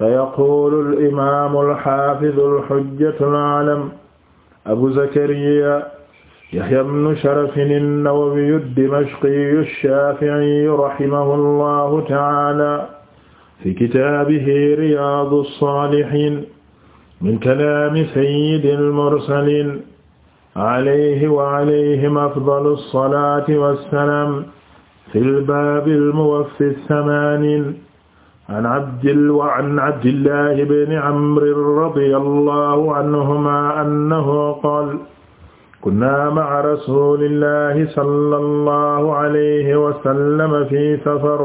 فيقول الإمام الحافظ الحجة العالم أبو زكريا يحيى بن شرف النووي الدمشقي الشافعي رحمه الله تعالى في كتابه رياض الصالحين من كلام سيد المرسلين عليه وعليهم أفضل الصلاة والسلام في الباب الموفي الثمانين an abdil wa an abdillahi bni amrin radiyallahu anhuma annahu qaala kunna ma'a rasulillahi sallallahu alayhi wa sallam fi safar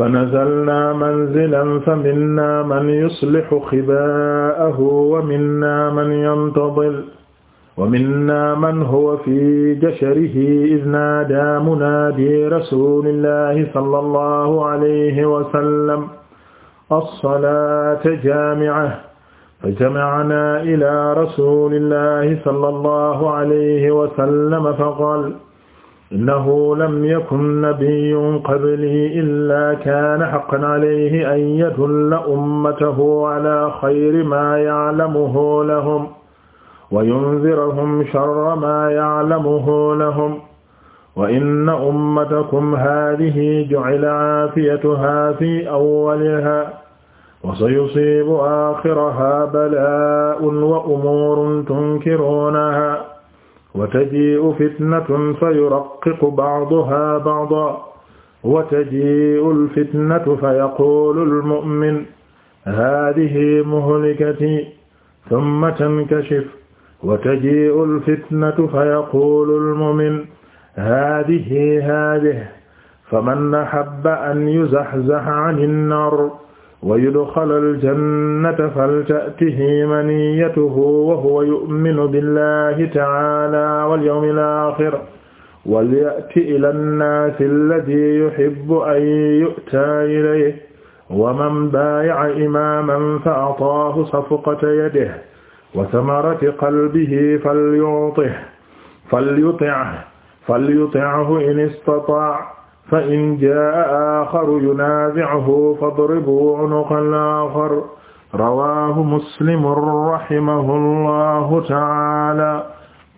fanazalna manzilan faminna man yuslihu khibaa'ahu wa minna man yantadil wa minna man huwa fi jashrihi iz naadaa munaadi rasulillahi sallallahu alayhi wa sallam as-salaata jaami'a fajama'naa ilaa rasulillahi sallallahu alayhi wa sallam faqaala innahu lam yakun nabiyyun qablii illaa kaana haqqan alayhi an yadulla ummatahu alaa xayri maa ya'lamuhu lahum wa yunzirahum sharra maa ya'lamuhu lahum wa inna ummatakum haadihi ju'ila aafiyatuhaa fi awwalihaa wa sayusiibu aaxirahaa balaa'un wa umuurun tunkiruunahaa wa tajii'u fitnatun fayuraqqiqu ba'duhaa ba'dan wa tajii'u al-fitnatu fayaquulu al-mu'min haadihi muhlikatii thumma tankashif wa taji'u alfitnatu fa yaqulu almu'min haadihi haadihi faman ahabba an yuzahzaha ani nnaar wa yudxala aljannata falta'tihi maniyyatuhu wa huwa yu'minu billahi ta'ala wal yawmil aaxir walya'ti ila nnaasi allazii yuhibbu an yu'taa ilayhi wa man baaya'a imaaman fa ataahu safqata yadihi wa samarati qalbihi falyutih falyutih falyutihu in istata fa in jaa axaru yunazi'uhu fadribu unuqa al-axar rawaahu muslimun rahimahullahu ta'aala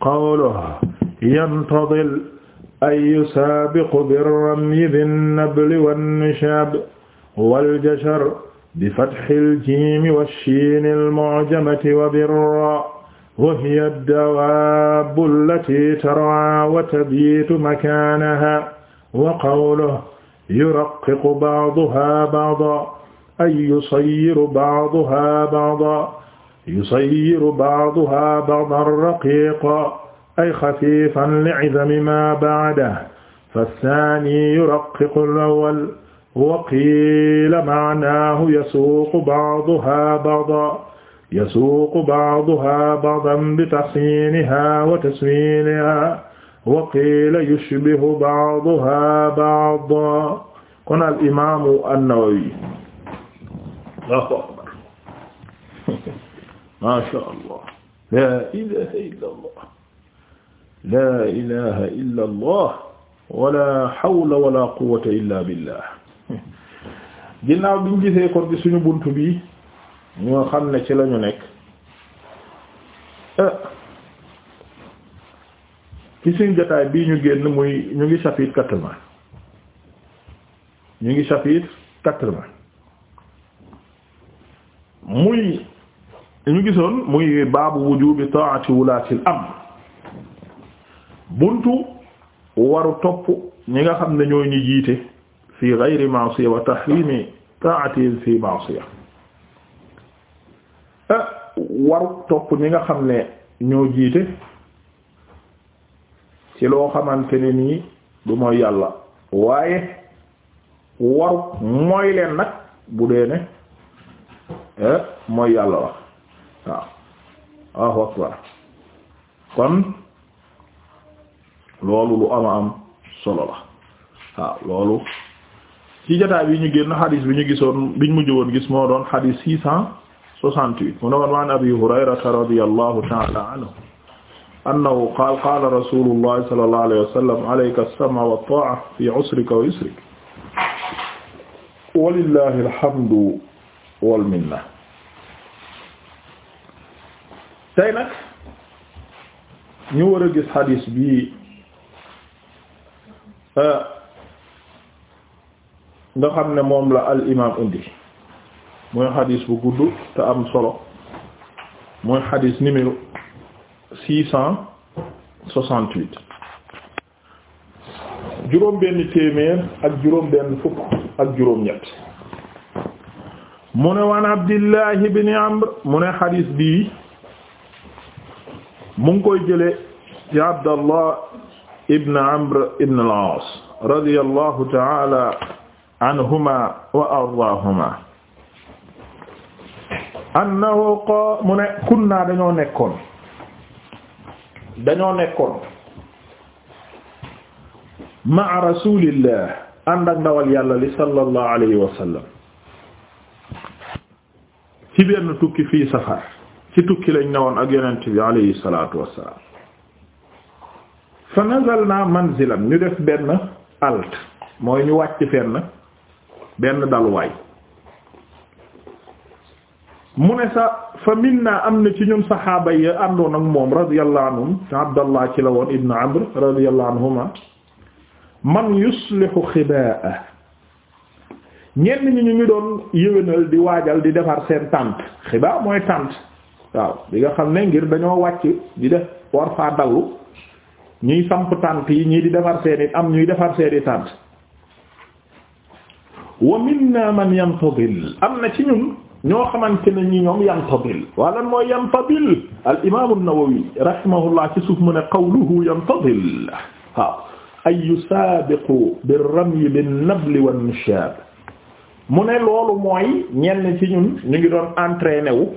qawluhu yantadil ay yusaabiqu bir-ramyi bin-nabli wan-nishaab wal-jashar bi fathil jiimi wa shiinil mu'jamati wa birra wa hiya ad-dawaabbu allatii tar'aa wa tabiitu makaanahaa wa qawluhu yuraqqiqu ba'duhaa ba'dan ay yusayyiru ba'duhaa ba'dan yusayyiru ba'duhaa ba'dan raqiiqan ay xafiifan li'idami maa ba'dahu fa-thaanii yuraqqiqu al-awwal wa qiila ma'naahu yasuuqu ba'duhaa ba'dan yasuuqu ba'duhaa ba'dan bi tahsiinihaa wa taswiinihaa wa qiila yushbihu ba'duhaa ba'dan kon al imaamu an-Nawawi Allahu akbar maa shaa Allah laa ilaaha illa Allah laa ilaaha illa Allah wa laa hawla wa laa quwwata illaa billah ginnaaw biñ gisee kon bi suñu bunt bi ñoo xam ne ci lañu nekk ah. ci suñu jotaay bii ñu génn muy ñu ngi chapitre quatre ñu ngi chapitre quatre-vingts muy ñu gisoon muy baabu wujubi ta'ati wulatil amr buntu waru topp ñi nga xam ne ñoo ñu jiite fi ghayri ma'siya wa tahrimi ta'atin fi ma'siyah eh, waru topp ñi nga xam ne ñoo jiite ci loo xamante ne nii du mooy yàlla waaye waru mooy leen nag bu dee ne eh, mooy yàlla la waaw waaw akbar kon loolu lu ama am solo la waaw loolu ci jotaay bi ñu génn xadis bi ñu gisoon biñ mujj woon gis moo doon xadis six cent soixante-huit mu ne woon waan abi hurayrata radiyallahu ta'ala anhu annahu qaala qaala rasulullahi sallallahu alayhi wa sallam alayka as-sam'a wat-taa'a fi 'usrika wa yusrika walillahi alhamdu wal minna tey nag ñu war a gis xadis bi nga xam ne moom la al imaam indi mooy xadis bu gudd te am solo mooy xadis numéro six cent soixante-huit juróom benn téeméer ak juróom benn fukk ak juróom ñett mu ne waan Abdullah ibn Amr mu ne xadis bii mu koy jële ci Abdallah ibn Amr ibn al-Aas radiyallahu ta'ala anhuma wa ardaahuma annahu qaa mu ne kunna dañoo nekkoon dañoo nekkoon ma'a rasulillah ànd ak ndawal yàlla li sallallahu alayhi wa ci benn tukki fii safar ci tukki lañ newoon ak yonent bi alayhi salatu wassalam fa nazalna manzilan ñu def benn alt mooy ñu wàcc fenn benn daluwaay mu ne sa fa minna am na ci ñun saxaaba yi àndoon ak moom radiyallahu te abdallah ci la woon ibn amr radiyallahu man yuslihu xibaa ñenn ñi ñu ngi doon yëwénal di waajal di defar seen tànt xibaa mooy tànt waaw bi nga xam ne ngir dañoo wàcc di def war faa dallu ñuy samp tànt yi ñii di defar seen am ñuy defar seen tànt wa minna man yantadil am na ci ñun ñoo xamante ne ñi ñoom yantadil waalan mooy yantadil al imam an-Nawawi rahimahullah ci suuf mu ne qawluhu yantadil waaw ay yusaabiqu bir-ramyi bin-nabli wan-nishaab mu ne loolu mooy ñenn ci ñun ñu ngi doon entraîné wu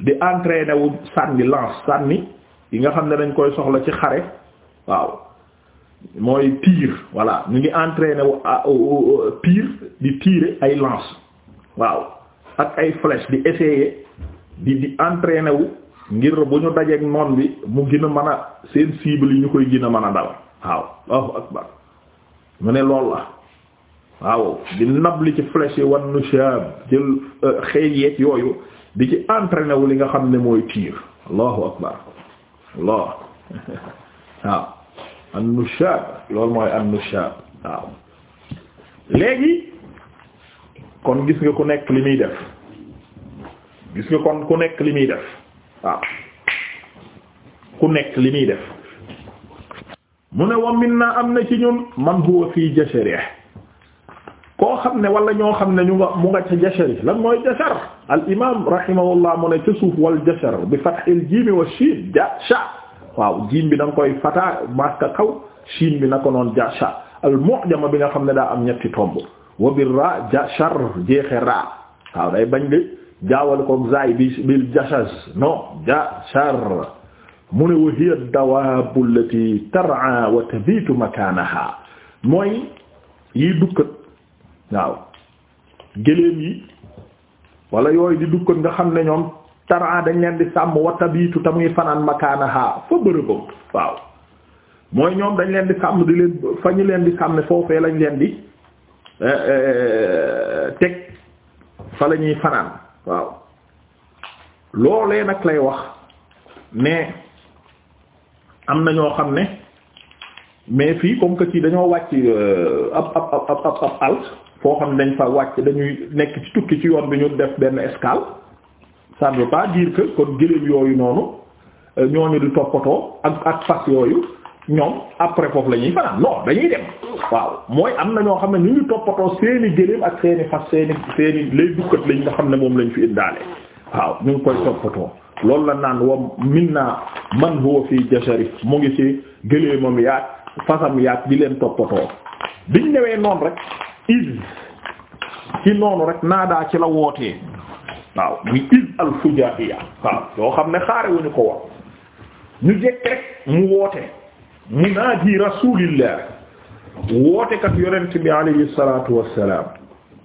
di entraîné wu sànni lance sànni yi nga xam ne dañ koy soxla ci xare waaw mooy tir voilà ñu ngi entraîné wu ah, oh, oh, oh, tir di tirer ay lance waaw ak ay flèche di essayer di di entraîné ngir bu ñu dajeek noon bi mu gën a mën a seen cible yi ñu koy gën a mën a dal waaw Allahu akbar mu ne lool la waaw di nab li ci flèche yi wan nushab jël euh, xëy yooyu di ci entraîné wu li nga xam ne mooy tir Allahu akbar Allah waaw an-nushab loolu mooy an-nushab waaw léegi kon gis nga ku nekk li muy def gis nga kon ku nekk li muy def waaw ku nekk li muy def mu ne wa minna am na ci ñun man huwa fii jasharih koo xam ne wala ñoo xam ne ñu nga mu nga ca jashari lan mooy jashar al imam rahimahullah mu ne ca suuf wal jashar bi fathil jim wa shid ja sha waaw jiim bi da nga koy fata maska kaw shiin bi na ko noon jasha al mu'jama bi nga xam ne daa am ñetti tomb wa bir ra jashar jeexe ra waaw day bañ de jaawal ko zaay bi bil jashaz non jashar mu ne wa hiya dawaabu allati tar'a wa tabitu makanaha mooy yi dukkat waaw géléem yi wala yooyu di dukkat nga xam ne ñoom taraa dañ leen di sàmm wa tabiitu te muy fanaan makaanaha fa bërëbam waaw mooy ñoom dañ leen di sàmm di leen fa ñu leen di sàmm foofee lañ leen di eh, eh, teg fa la ñuy fanaan waaw loolee nag lay wax mais am na ñoo xam ne mais fii comme que ci dañoo wàcc euh, ab ab ab ab ab alt foo xam ne dañ fa wàcc dañuy nekk ci tukki ci yoon bi ñu def benn escale ça ne veut pas dire kon gëléem yooyu noonu euh, ñooñu di toppatoo ak ak fas yooyu ñoom après foofu la ñuy fanaan non dañuy dem waaw mooy am na ñoo xam ne ñu ngi toppatoo seeni gëléem ak seeni fas seeni lay dukkat lañ nga xam ne moom lañ fi indaale waaw ñu ngi koy toppatoo loolu la naan wa minna man huwa fi jasari mu ngi ci gëléemam yaag fasam yaag di leen toppatoo biñ ñëwee noonu rek iz ci noonu rek daal ci la wootee waaw muy is al fujahiya waaw yoo xam ne xaare wuñu ko wax ñu jekk rek mu woote munaadi rasulillah wootekat yonent bi alayhi salatu wassalam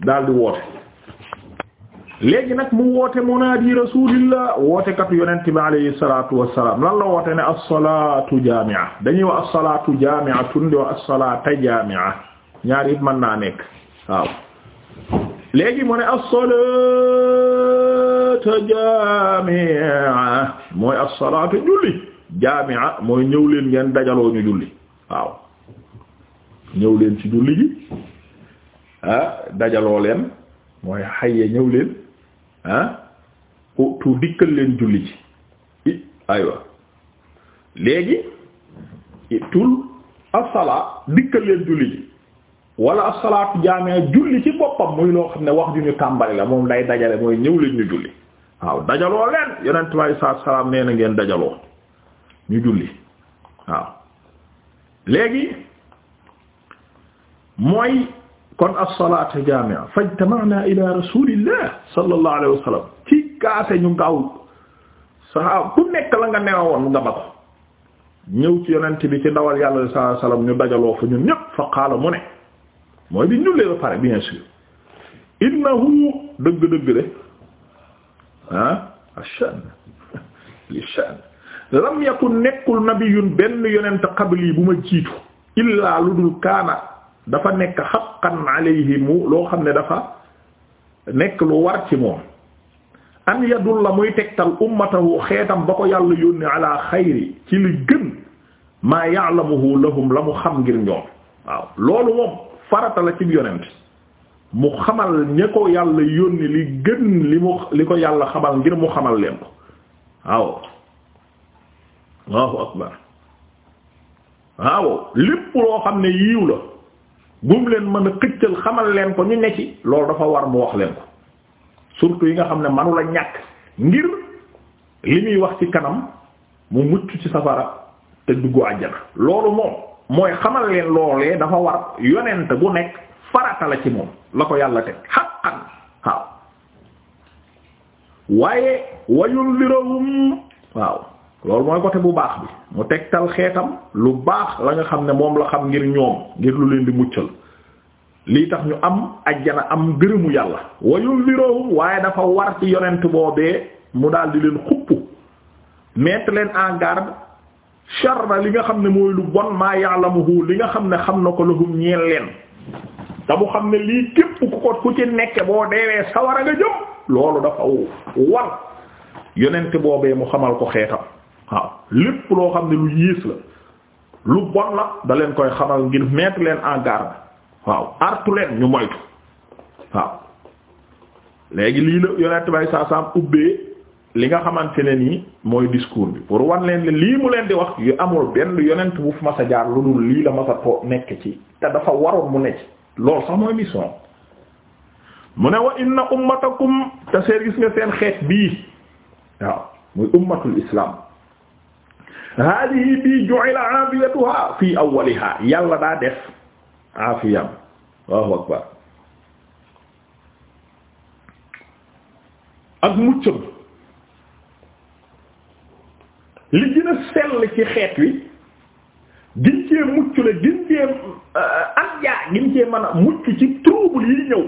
daal di woote léegi nag mu woote munaadi rasulillah wootekat yonent bi alayhi salatu wassalam lan la woote ne as-salatu jami'a dañuy wax as-salatu jami'atun di wax as-salata jami'a ñaar it mën naa nekk waaw léegi mu ne as-salaatu mooy as-salaatu julli jaami'a mooy ñëw leen ngeen dajaloo ñu julli waaw ñëw leen ci julli gi ah dajaloo leen mooy xayya ñëw leen ah tu dikkal leen julli ci i aywa léegi tul as-salaa dikkal leen julli ji wala asalaatu jaamia julli ci boppam muy loo xam ne wax ju ñu tàmbali la moom day dajale mooy ñëw leen ñu julli waaw dajaloo leen yonent bi saa salaam nee na ngeen dajaloo ñu julli waaw léegi mooy kon as-salaatu jaami'a fajtama'na ila rasulillah sallallahu alayhi wa sallam ci kaase ñu la nga newoon nga ci yonent bi ci yàlla sallallahu alayhi wa ñu dajaloo fa ñun ñépp fa qaala mu ne mooy bi ñu jullee ba pare bien sûr innahu dëgg-dëgg de ah ashan li shan lam yakun nekkul nabiyun benn yonent qabli bu ma jiitu illaa lu dul kaana dafa nekk xaqan alayhi mu loo xam ne dafa nekk lu war ci moom an yadulla muy tegtal ummatahu xeetam ba ko yàlla yónni ala xayri ci li gën maa ya'lamuhu la mu xam ngir ñoom waaw loolu moom farata la ci yonent mu xamal ña ko yàlla yónni li gën li mu li ko yàlla xamal ngir mu xamal leen ko waaw Allahu akbar waaw lépp loo xam ne yiw la gum leen mën a xëccal xamal leen ko ñu ne loolu dafa war mu wax leen ko surtout yi nga xam ne manula ñàkk ngir li muy wax ci kanam mu mucc ci safara te duggu àjjana loolu moom mooy xamal leen loolee dafa war yonent bu nekk farata la ci moom la ko yàlla teg xaqan waaw waaye wayundirohum waaw loolu mooy côté bu baax bi mu tegtal xeetam lu baax la nga xam ne moom la xam ngir ñoom ngir lu leen di muccal lii tax ñu am ajjana am gërëmu yàlla wayundirohum waaye dafa war ci yonent boobee mu dal di leen xupp mettre leen en garde sharra li nga xam ne mooy lu bon maa ya'lamuhu li nga xam ne xam na ko la lahum ñeel leen te mu xam ne lii képp ku ko ku ci nekk boo deewee sawara nga jëm loolu dafa war yonent boobee mu xamal ko xeetam waaw lépp loo xam ne lu yiis la lu bon la da leen koy xamal ngir mettre leen en garde waaw artu leen ñu moytu waaw léegi lii la yonent bay saa ubbee li nga xamante ne nii mooy discours bi pour wan leen lii mu leen di wax yu amul benn yonent bu fu masa lu dul lii la masa nekk ci te dafa waroon mu nekk loolu sax mooy mission mu ne wax inna ummatakum te seen gis nga seen xeet bii waaw muy ummatul islam hadihi bii ju'ila afiyatuha fi awwaliha yàlla daa def afiyam waaw akbar ak muccam li gën a sell ci xeet wi gin cee mucc la gin cee euh, ak jaa gin cee mën a mucc ci trouble yi ñëw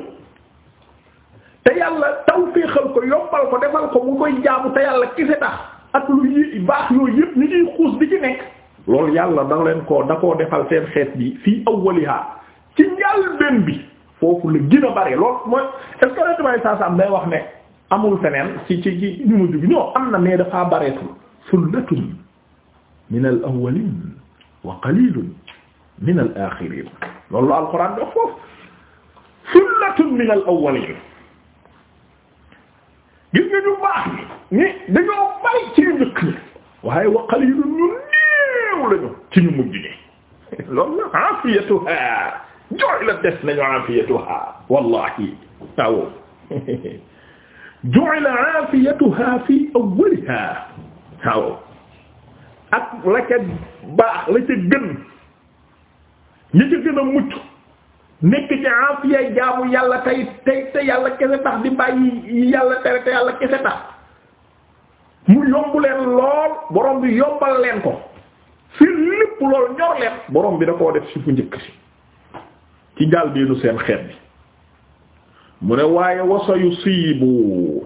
te yàlla tawféexal ko yombal ko defal ko mu koy jaamu te yàlla kese tax ak lu baax yooyu yëpp ñu ngi xuus di ci nekk loolu yàlla da leen ko da koo defal seen xeet bi fii awwaliha ci njàlbéen bi foofu la gën a bari loolu mooy est-ce saa saa am day wax ne amul feneen ci ci ci ñu ñoo am na mais dafaa bareetul sullatun min al awwalin wa qalilun min al axirin loolu la alquran dox foofu sullatun min al awwalin gis nga ñu baax ni dañoo bari ci ñu njëkk ñi waaye wa qalilun ñu néew lañu ci ñu mujj ñi loolu la afiyatuha jooy la des nañu afiyatuha wallahi waaw jooy la afiyatuha fi awwaliha waaw ak la ca baax la ca gën ñi ca gën a mucc nekk ci aafiya jaamu yàlla tey tey te yàlla kese tax di yi yàlla tere te yàlla kese tax mu yomb lool borom bi yombal leen ko fi lépp lool ñor leen borom bi da koo def ci fu njëkk si ci njaal beenu seen xeet bi mu ne waaye wasa yu siibu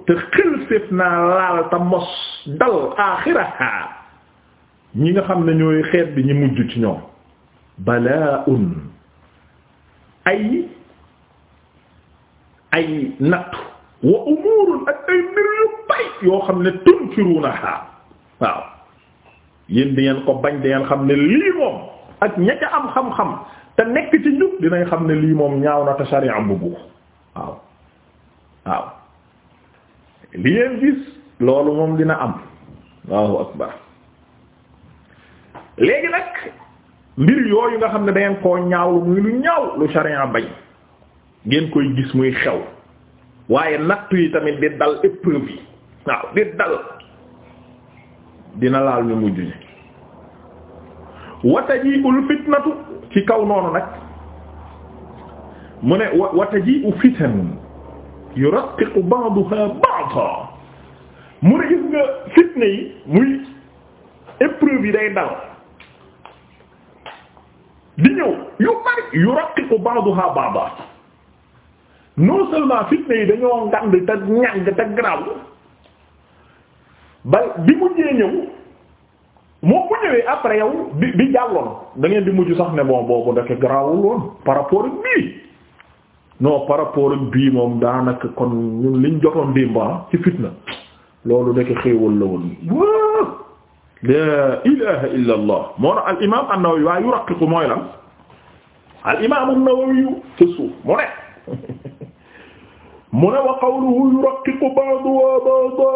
te xilsif naa laal te mos dal axiraha ñi nga xam ne ñooy xeet bi ñi mujj ci ñoom balaa ay ay nattu wa umuurun ak ay mbir yu bay yoo xam ne tunkiruunaha waaw yéen di ngeen ko bañ di ngeen xam ne lii moom ak ña am xam-xam te nekk ci njub dinañ xam ne lii moom ñaaw na te sariya am bu waaw waaw li ngeen gis loolu moom dina am waaw akbar léegi nag mbir yooyu nga xam ne da ngeen koo ñaawlu muy lu ñaaw lu sharia bañ ngeen koy gis muy xew waaye nattu yi tamit di dal épreuve yi waaw di dal dina laal ñu mujj ñi ul fitnatu ci kaw noonu nag mu ne wa wa taji'u fitan yuraqiqu ba'daha ba'dan mu ne gis nga fitna yi muy épreuve yi day dal di ñëw yu bari yuraqiqu ba'daha ba'dan non seulement fitna yi dañoo ngand te ñàng te graw ba di mujjee ñëw moom bu ñëwee après yow bi bi jàlloon da di mujj sax ne bon boobu ndeke grawul woon par rapport ak bii non par rapport ak bii moom daanaka kon ñun liñ jotoon démb ah, ci fitna loolu nekk xéewal la woon waa laa ilaha illa allah moo na al imam an-Nawawi waaye yu raqiqu mooy lan al imam an-Nawawi ci suuf mu ne mu ne wa qawluhu yuraqiqu ba'duha ba'da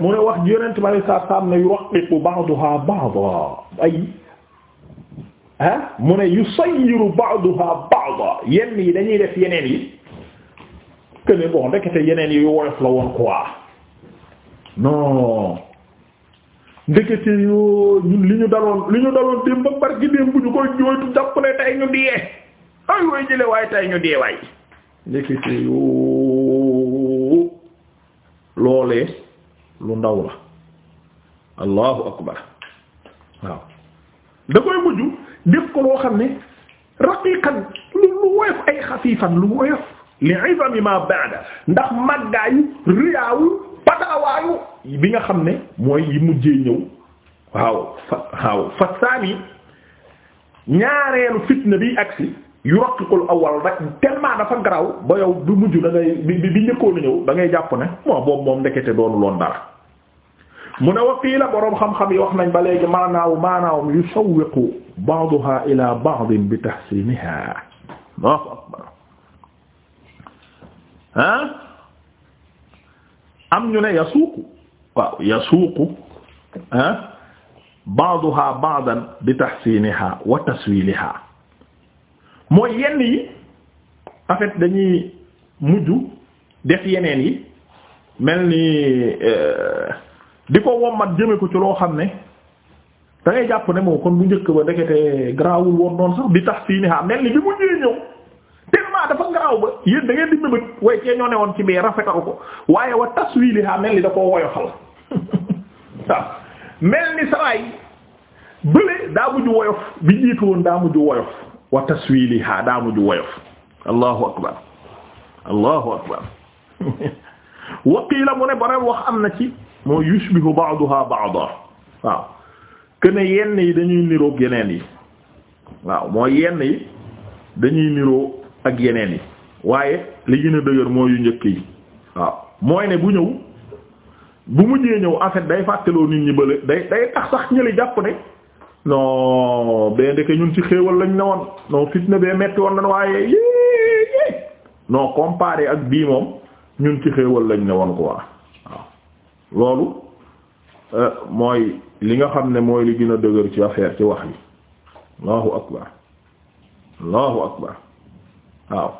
mu ne wax yonent bi alei saatu salaam ne yuraqiqu ba'daha ba'da ay ah mu ne yu yusayyiru ba'daha ba'da yenn yi dañuy def yeneen yi que ne ndekete yeneen yi woyof la woon quoi non ndekete yoo li ñu daloon li ñu daloon démb ba barki démb bu ñu koy jooytu jàppale tay ñu diyee ay way jële waaye tay ñu diyee waay ndekete yoo loolee lu ndaw la allahu akbar waaw da koy mujj def ko loo xam ne raqiqan lu lu woyof ay xafiifan lu woyof li izami ma ba'da ndax màggaayu riyaawu pataawaayu bi nga xam ne mooy yi mujjee ñëw waaw fa waaw fa saani ñaareelu fitna bi agsi yu raqiqul awal rek tellement dafa garaw ba yow bi mujj da ngay bi bi njëkkoon a ñëw da ngay jàpp ne moo boobu moom ndekete doonu loon dara mu ne wa qiila boroom xam-xam yi wax nañ ba léegi maanaaw maanaawam yusawwiqu ba'daha ila ba'din bi tahsiniha Allahu akbar ah am ñu ne yasuuqu waaw yasuuqu ah ba'daha ba'dan bi tahsiniha wa taswiliha mooy yenn yi en fait dañuy mujj def yeneen yi mel ni euh, di ko wommat jëme ko ci loo xam ne da jàpp ne moo kon bu njëkk ba ndekete garaawul woon noonu sax di tax fii ni xam ah mel ni bi mu ñëwee ñëw tellement dafa garaaw ba yéen da ngeen di mébét waaye cee ñoo ne woon ci bee rafetalu ko waaye wa tas wii li xam mel ni da ko woyofal waaw mel ni sawaay bële daa mujj woyof bi jiitu woon daa mujj woyof wa taswiliha daa mujj woyof allahu akbar allahu akbar waqiila mu ne borom wax am na ci moo yushbihu ba'daha ba'da waaw kene yenn yi dañuy niroog yeneen yi waaw mooy yenn yi dañuy niroo ak yeneen yi waaye li gën a dëgër mooy yu njëkk yi waaw mooy ne bu ñëw bu mujjee ñëw en fait day fàttaloo nit ñi bële day day tax sax ñëli jàpp ne non bee ndeke ñun ci xéewal lañ ne woon non fitna bee metti woon nañ waaye yé non comparé ak bii moom ñun ci xéewal lañ ne woon waa loolu euh, mooy li nga xam ne mooy li gën a dëgër ci affaire ci wax yi allahu akbar allahu akbar waaw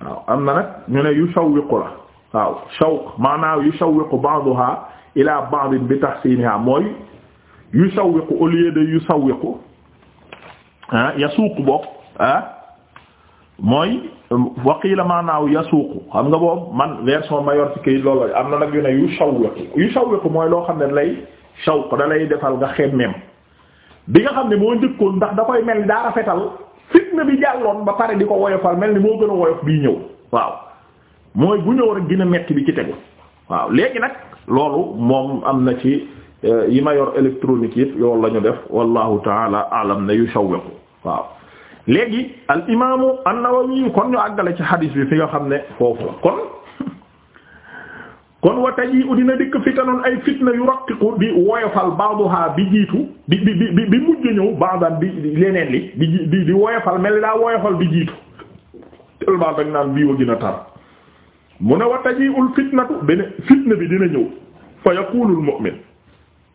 waaw am na nag ñu ne yu la waaw shawq maanaam yu shawwiqu ba'daha ila ba'd bi tahsinha mooy yu shawwiqu au lieu de yu shawwiqu ah yasuuq bokk ah mooy waqiila maanaaw yasuuqu xam nga boobu man version ma yor ci këyit loolu am na nag yu ne yu shawwiqu yu shawwiqu mooy loo xam ne lay shawq dalay lay defal nga xemmeem bi nga xam ne moo njëkkoon ndax da koy mel daa rafetal fitna bi jàlloon ba pare di ko woyofal mel ni moo gën a woyof bii ñëw waaw mooy bu ñëw rek dina metti bi ci tegu waaw léegi nag loolu moom am na ci eh, yi mayor yor électronique yëpp yoolu la ñu def wallahu taala alam ne yu shawwiqu waaw léegi al imaamu an-Nawawi kon ñu àggale ci hadis bi fi nga xam ne foofu la kon kon wa taji u dina dikk ay fitna yu raqiqu di woyofal ba'daha bi jiitu di di bi mujj ñëw ba'dan bi leneen li di di woyofal mel daa woyofal bi jiitu tellement dañ naan bii wa gën tar mu ne wa ul fitnatu dina fitna bi dina ñëw fa yaqulu mu'min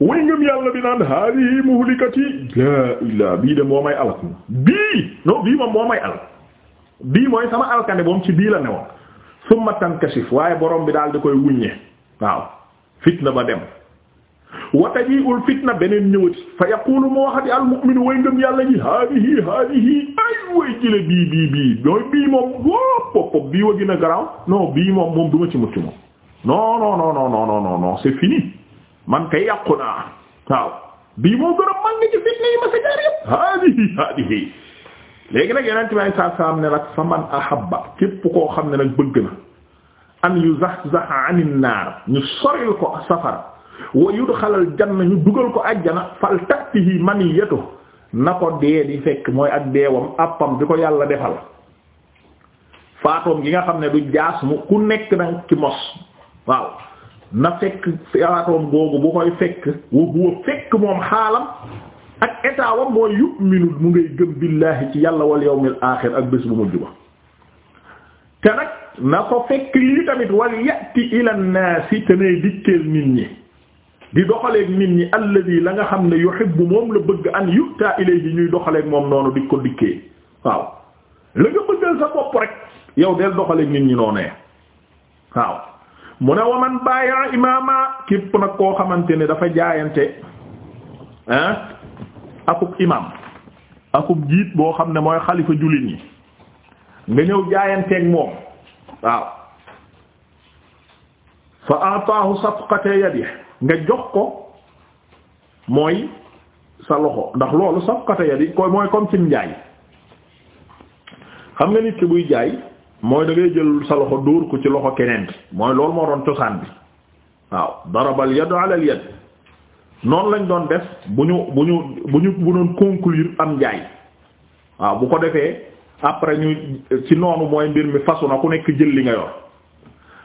way ngëm yàlla bi naan hadihi muhlikati la ilaa bii de moo may alak bii non bii moom moo may alak bii mooy sama alkande boom ci bii la newoon summa tankashif waaye borom bi daal di koy wuññe waaw fitna ba dem wa fitna beneen ñëwati fa yaqulu moo waxati al mu'minu way ngëm yàlla ji hadihi hadihi ay way jële bii bii bii mooy bii moom wop pop bii wa gën a garaaw bii moom moom du ci mucc moom non non non non non non fini man kay yàqu naa waaw bii moo gën a màgg ci fitna yi ma sa jaar yëpp haadihi haadihi léegi nag yeneen tubaab yi saa ne nag fa man ahabba képp koo xam ne nag bëgg na an yuzahzaha anin naar ñu soril ko safara wa yudxalal janna ñu dugal ko ajjana fal tatihi maniyatu na ko dee di fekk mooy ak deewam appam di ko yàlla defal faatoom gi nga xam ne du jaas mu ku nekk nag ci mos waaw. na fekk fiatoom googu bu koy fekk wa huwa fekk moom xaalam ak état wam mooy yu'minu mu ngay gëm billaahi ci yàlla wal yawmil aaxir ak bés bu mujj ba te nag na ko fekk lii tamit wal ya'ti ila naasi te nay dikkeel nit ñi di doxaleeg nit ñi alladi la nga xam ne yuhibbu moom la bëgg an yu'ta ilayhi ñuy doxaleeg moom noonu di ko dikkee waaw la nga bëggal sa bopp rek yow del doxaleeg nit ñi noonee waaw mu ne waman bàyya imaama képp nag koo xamante ne dafa jaayante ah akub imam akub jiit boo xam ne mooy xalifa jullit ñi nga ñëw jaayanteeg moom waaw fa ataahu safqata yadi nga jox ko mooy sa loxo ndax loolu safqata yadi koy mooy comme ci njaay xam nga nit ki buy jaay mooy da jël sa loxo dóor ko ci loxo keneen bi mooy loolu moo doon cosaan bi waaw darabal yadu ala al noonu lañ doon def bu ñu bu ñu bu ñu bu doon conclure am njaay waaw bu ko defee après ñu ci noonu mooy mbir mi fasu na ku nekk jël li nga yor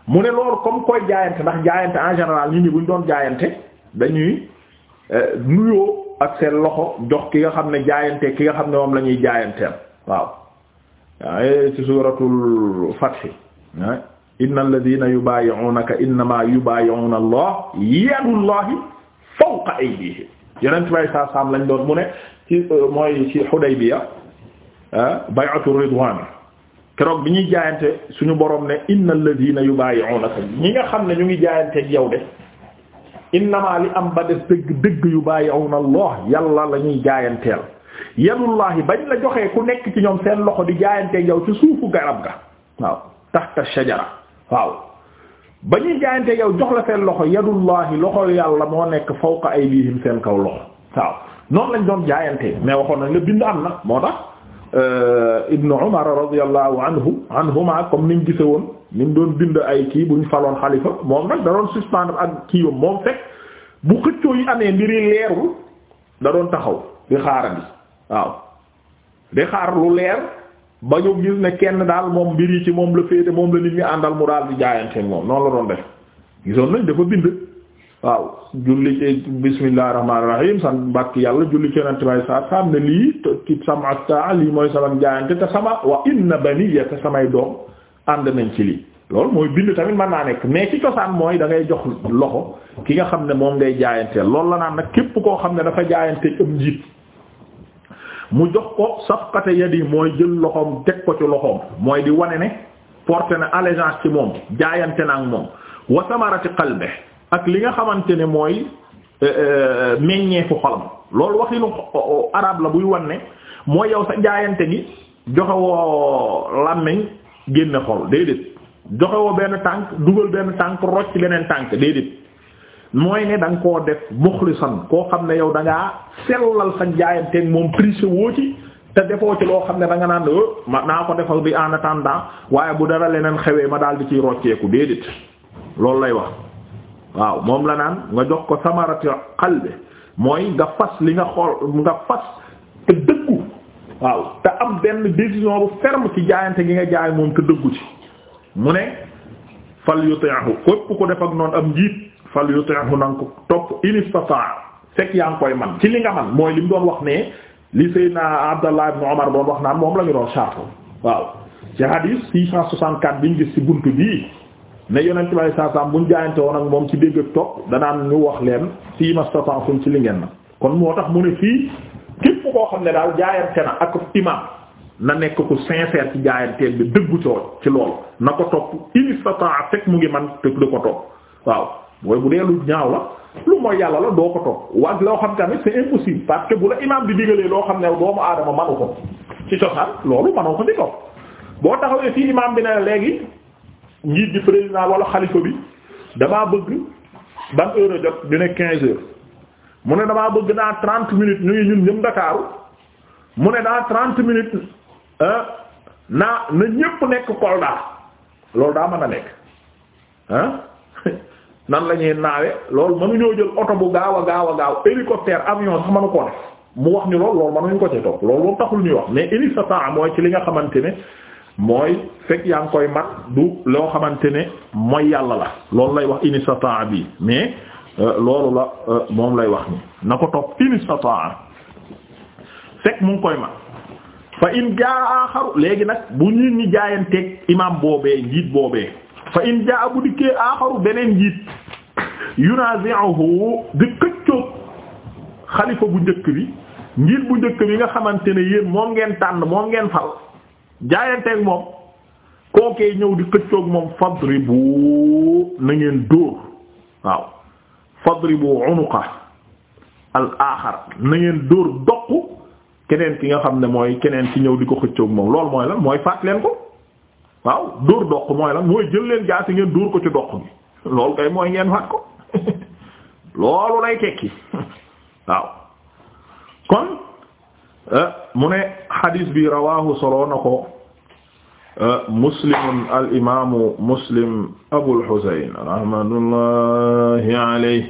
mu ne loolu comme koy jaayante ndax jaayante en général nit ñi bu ñu doon jaayante dañuy euh, nuyoo ak seen loxo jox ki nga xam ne jaayante ki nga xam ne moom la ñuy jaayanteel waaw. waaye eh, ci suuratul Fath ah innal ladina yubaayi'unaka innamaa yubaayi'una Allah yadullahi fawqa aydihim yeneen bay saa saam lañ doon mu ne ci euh, mooy ci Hudaybiya ah, bay'atu ridwaan keroog bi ñuy jaayante suñu borom ne innal ladina yubaayi'unaka ñi nga xam ne ñu ngi jaayante ak yow de innamaa li am ba des dëgg dëgg yubaayi'una Allah yàlla la ñuy jaayanteel. yadullahi bañ la joxee ku nekk ci ñoom seen loxo di jaayanteeg yow ci suufu garab ga waaw taxta shajara waaw ba ñuy jaayanteeg yow jox la seen loxo yadullahi loxo yàlla moo nekk fawqa aydihim seen kaw loxo waaw noonu lañ doon jaayantee mais waxoon nañ la bind am na moo tax euh, ibnu umar radiallahu anhu anhuma comme niñ gise woon niñ doon bind ay kii bu ñu faloon xalifa moom nag da doon suspendre ak kii moom fekk bu xëccoo yi amee mbiri leerul da doon taxaw di xaarandi waaw di xaar lu leer ba ñu gis ne kenn daal moom mbir yi ci moom la féete moom la nit ñi àndal mu daal di jaayante moom noonu la doon def gisoon nañ dafa bind waaw julli ci bismillahir rahmanir rahim san mbàkk yàlla julli ci yonente may sa sam ne lii ci sama ta lii mooy sama jaayante te sama wa inna baniya te samay doom ànd nañ ci lii loolu mooy bind tamit mën naa nekk mais ci cosaan mooy da ngay jox loxo ki nga xam ne moom ngay jaayanteel loolu la naan nag képp koo xam ne dafa jaayante am njiit mu jox ko safqata yadi mooy jël loxoom teg ko ci loxoom mooy di wane ne porté na allégeance ci moom jaayante na ak moom wa samarati qalbi ak li nga xamante ne mooy euh, euh, meññeefu xolam loolu waxinu euh, arab la buy wane mooy yow sa jaayante gi joxe woo làmmiñ génne xol déedéet joxe woo benn tànk dugal benn tànk rocc beneen tànk déedéet mooy ne danga ko koo def muxlisan koo xam ne yow da ngaa sellal sa jaayanteeg moom triché woo ci te defoo ci loo xam ne da nga naan oh, ma naa ko defal bi en attendant waaye bu dara leneen xewee ma daal di ciy rocceeku déedéet loolu lay wax waaw moom la naan nga jox ko samarati qalbi mooy nga fas li nga xool nga fas te dëggu waaw te am benn décision bu ferme ci jaayante gi nga jaay moom te dëggu ci mu ne fal yuti'hu képp ku def ak noonu am njiit fal yuti'hu na nga ko topp in istata'a fekk yaa ngi koy man ci li nga man mooy li mu doon wax ne li Seydina Abdallah ibn Umar doon wax naan moom la ñu doon saako waaw ci hadis bi ñu gis ci buntu bii ne yonent bi saa saa buñ jaayante woon ak moom ci dégg ak topp danaan ñu wax leen fii mastata'tum ci li ngeen na kon moo tax mu ne fii képp koo xam ne daal jaayante na ak imam na nekk ku sincère ci jaayanteel bi dëggu ci loolu na ko topp mu ngi man te du ko topp mooy bu dee lu ñaaw la lu mooy yàlla la doo ko topp waag loo xam tamit c'est impossible parce que bu la imaam bi digalee loo xam ne doomu aadama manu ko ci cosaan loolu manoo ko di topp boo taxawee fii imaam bi ne léegi njiit bi président wala xalifa bi damaa bëgg ban heure a jot ñu ne quinze heures mu ne damaa bëgg naa trente minutes ñu ngi ñun ñëm Ndakaaru mu ne daa trente minutes naa na ñépp nekk Kolda loolu daa mën a nekk ah nan la ñuy naawe loolu mënuñoo jël oto bu gaaw a gaaw a gaaw hélicoptère avion sax mënu ko mu wax ñu lool loolu mënuñu ko ci topp loolu moom taxul ñuy wax mais initiative mooy ci li nga xamante ne mooy fekk yaa ngi koy mat du loo xamante ne mooy yàlla la loolu lay wax initiative bi mais euh, loolu la euh, moom lay wax ni na ko topp initiative fekk mu koy mat fa in jaa léegi nag bu nit ñi jaayanteeg imam boobee njiit boobee. fa in jaa bu dikkee aaxaru beneen njiit yunazi'uhu di këccoog xalifa bu njëkk bi njiit bu njëkk bi nga xamante ne yéen moom ngeen tànn moom ngeen fal jaayanteeg moom kookee ñëw di këccoog moom fadribu na ngeen dóor waaw bu unuqa al aaxar na ngeen dóor doq keneen ki nga xam ne mooy keneen ci ñëw di ko xëccoog moom loolu mooy la mooy faat leen ko waaw dóor doq mooy lan mooy jël leen jaasi ngeen dóor ko ci doq bi loolu kay mooy ngeen faat ko loolu lay tekki kon eh, mu ne xadiis bi rawaahu soloo na ko eh, muslimun al imaamu muslim abul xuseyn rahmatullahi alayhi